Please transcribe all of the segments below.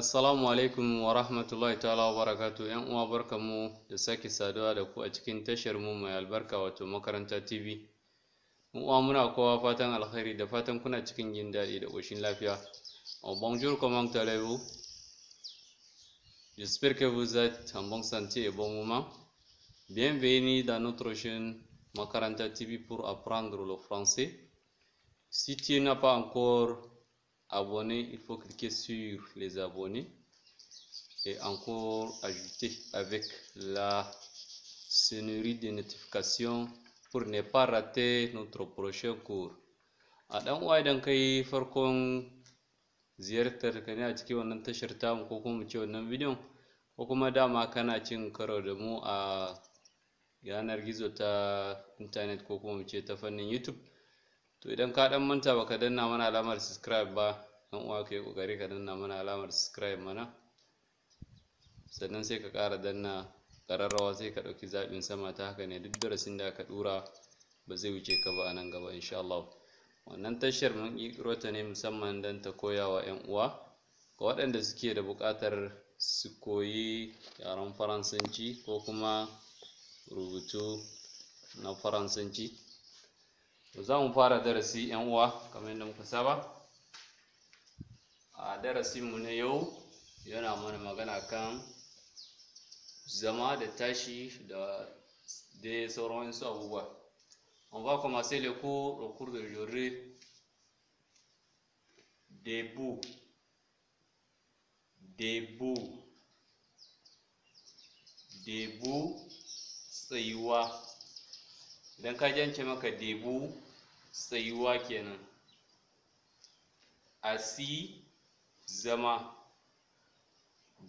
Assalamu alaikum wa rahmatullahi ta'ala wa barakatu ‘yan uwa mu da sake saduwa da ku a cikin tashar mu mai albarka wato makaranta TV. uwa muna kowa fatan alkhairi da fatan kuna cikin jin daɗi da ƙoshin lafiya. En bonjour comment allez-vous? J'espère que vous êtes en bonne santé et bon moment. Bienvenue dans notre chaîne Makaranta TV pour apprendre le français. Si tu n'as pas encore abonner, il faut cliquer sur les abonnés et encore ajouter avec la sonnerie de notification pour ne pas rater notre prochain cours. A ɗan uwa idan ka yi farkon ziyartar ka ne a cikin wannan tashar tamu ko kuma ce wannan bidiyon ko kuma dama kana cin karo da mu a yanar gizo ta intanet ko ta fannin YouTube. to idan ka dan manta baka danna mana alamar subscribe ba dan uwa ka yi kokari ka danna mana alamar subscribe mana sannan sai ka kara danna kararrawa sai ka ɗauki zaɓin sama ta haka ne duk darasin da ka ɗura ba zai wuce ka ba a nan gaba insha Allah wannan tashar mun kiro ta ne musamman dan ta koya wa 'yan uwa ga waɗanda suke da buƙatar su koyi yaren faransanci ko kuma rubutu na faransanci to za mu fara darasi yan uwa kamar yadda muka saba a mu na yau yana mana magana kan zama da tashi da dai sauran su abubuwa an ba commencer le ko rukur da jure debu debu debu tsayuwa idan ka jance maka debu tsayuwa kenan asi zama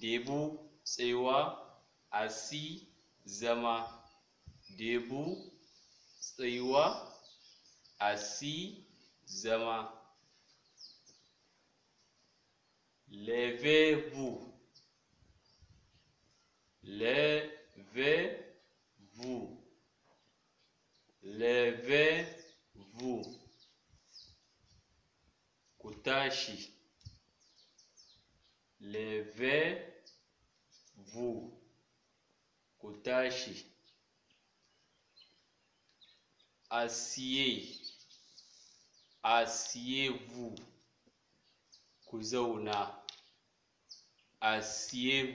debu tsayuwa asi zama debu tsayuwa asi zama levez-vous levez-vous ku tashi assieds asseyez-vous ku zauna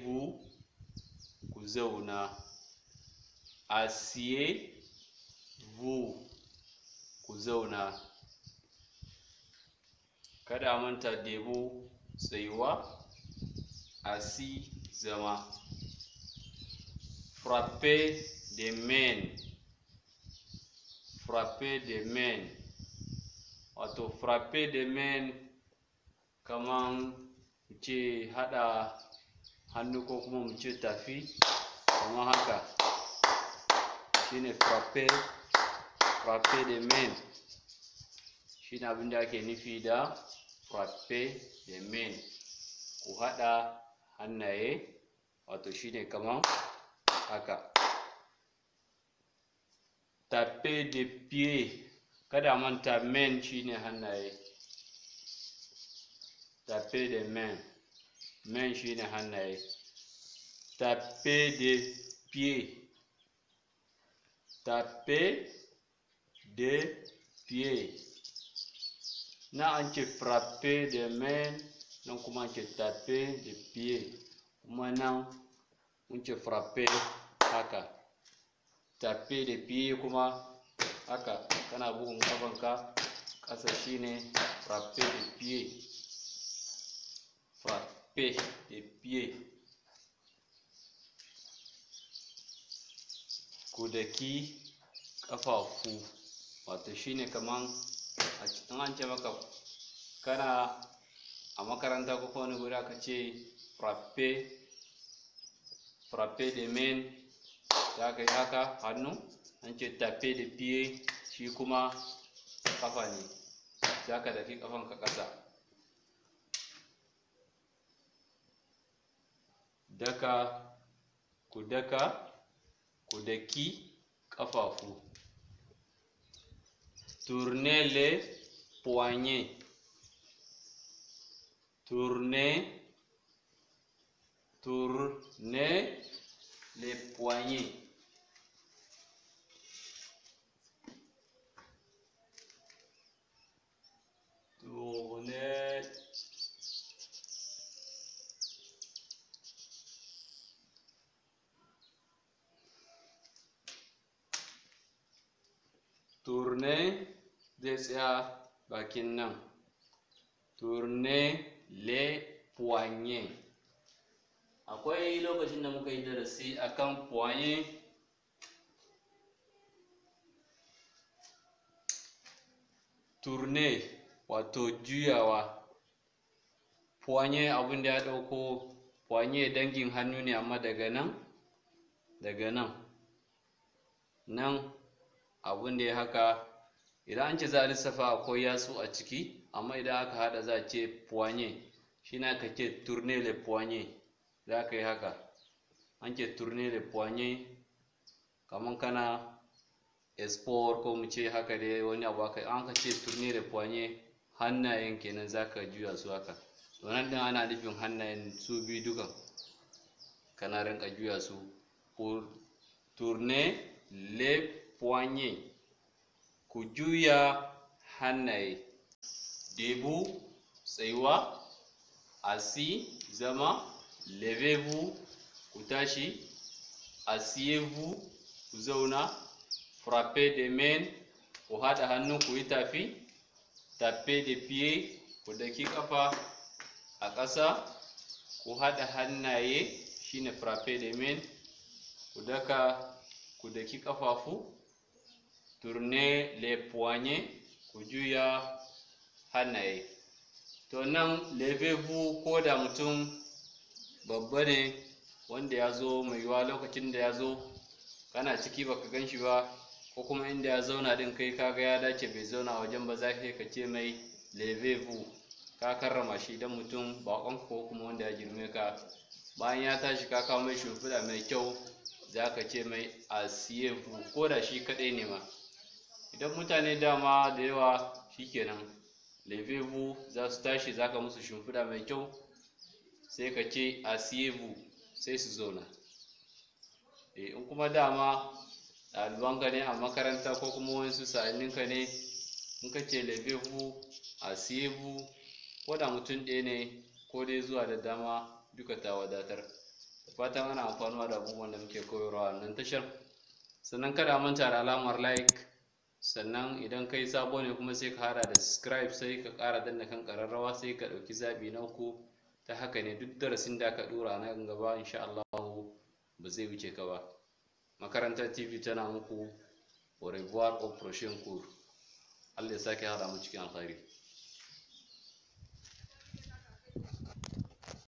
vous ku zauna asseyez-vous ku zauna kada manta debu sayuwa assis zama frapper des mains frapper des mains wato frapper des mains kaman mu ce haɗa hannu ko kuma mu ce tafi kamar haka shine frapper frapper des mains shine abin da ake nufi da frapper des mains ku haɗa hannaye wato shine kaman haka tape de pie kada manta main shine hannaye tape de men main shine hannaye tape de pie tape de pied na an ce frappe de men. nan kuma on ke tape da pied kuma nan on ke kuma haka kana bugun kafanka ƙasa shine frappe da pied frappe da pied ku daki ƙafafu wato shine a cikin an maka kana a makaranta ko kowane guri aka ce frappe frappe de main za ka yi haka hannu an ce tafe da biye shi kuma kafa ne za ka tafi kafan ka ƙasa daka ku daka ku daki kafafu tourner les poignets tournez, tournez les poignets. Tournez. Tournez, des tourner, Tournez le poignet akwai lokacin da muka yi darasi akan poignet turne wato juyawa poignet abin da ya dauko poignet dangin hannu ne amma daga nan daga nan nan abin da ya haka idan an ce za a lissafa akwai yatsu a ciki amma idan aka haɗa za a ce poignée shi ne ka ce tourner le poignée za ka yi haka an ce tourner le poignée kamar kana esport ko mu ce haka dai wani abu yi an ka ce tourner le poignée hannayen kenan za ka juya su haka to nan din ana nufin hannayen su biyu duka kana rinka juya su tourner le poignée ku juya hannaye debu tsayuwa asi zama levebu ku tashi asiyebu ku zauna frappe de main ku haɗa hannu ku yi tafi tappe de ku daki kafa a ƙasa ku haɗa hannaye shine frappe de main ku daka ku daki ƙafafu tournez les poignets kujuya juya hannaye to nan levez-vous ko mutum babba ne wanda ya zo mai yiwa lokacin da ya zo kana ciki baka ganshi ba ko kuma inda ya zauna din kai kaga ya dace bai zauna wajen ba za ka ce mai levez-vous ka karrama shi dan mutum bakon ko kuma wanda ya girme ka bayan ya tashi ka kawo mai shimfiɗa mai kyau za ka ce mai asiyebu ko da shi kaɗai ne ma idan mutane dama da yawa shikenan levevu za su tashi za ka musu shimfiɗa mai kyau sai ka ce a asiyevu sai su zauna eh, in kuma dama ka ne a makaranta ko kuma wasu sa'anninka ne in ka ce levevu asiyevu ko da mutum ɗaya ne ko dai zuwa da dama duka ta wadatar fatan ana amfanuwa da abubuwan da muke koyarwa nan tashar sannan kada manta da alamar like sannan idan kai sabo ne kuma sai ka hada da subscribe sai ka kara danna kan kararrawa sai ka dauki zabi na uku ta haka ne duk darasin da ka dora na gaba insha Allah ba zai wuce ka ba makarantar TV tana muku au revoir au prochain cours Allah ya sake hada mu cikin alkhairi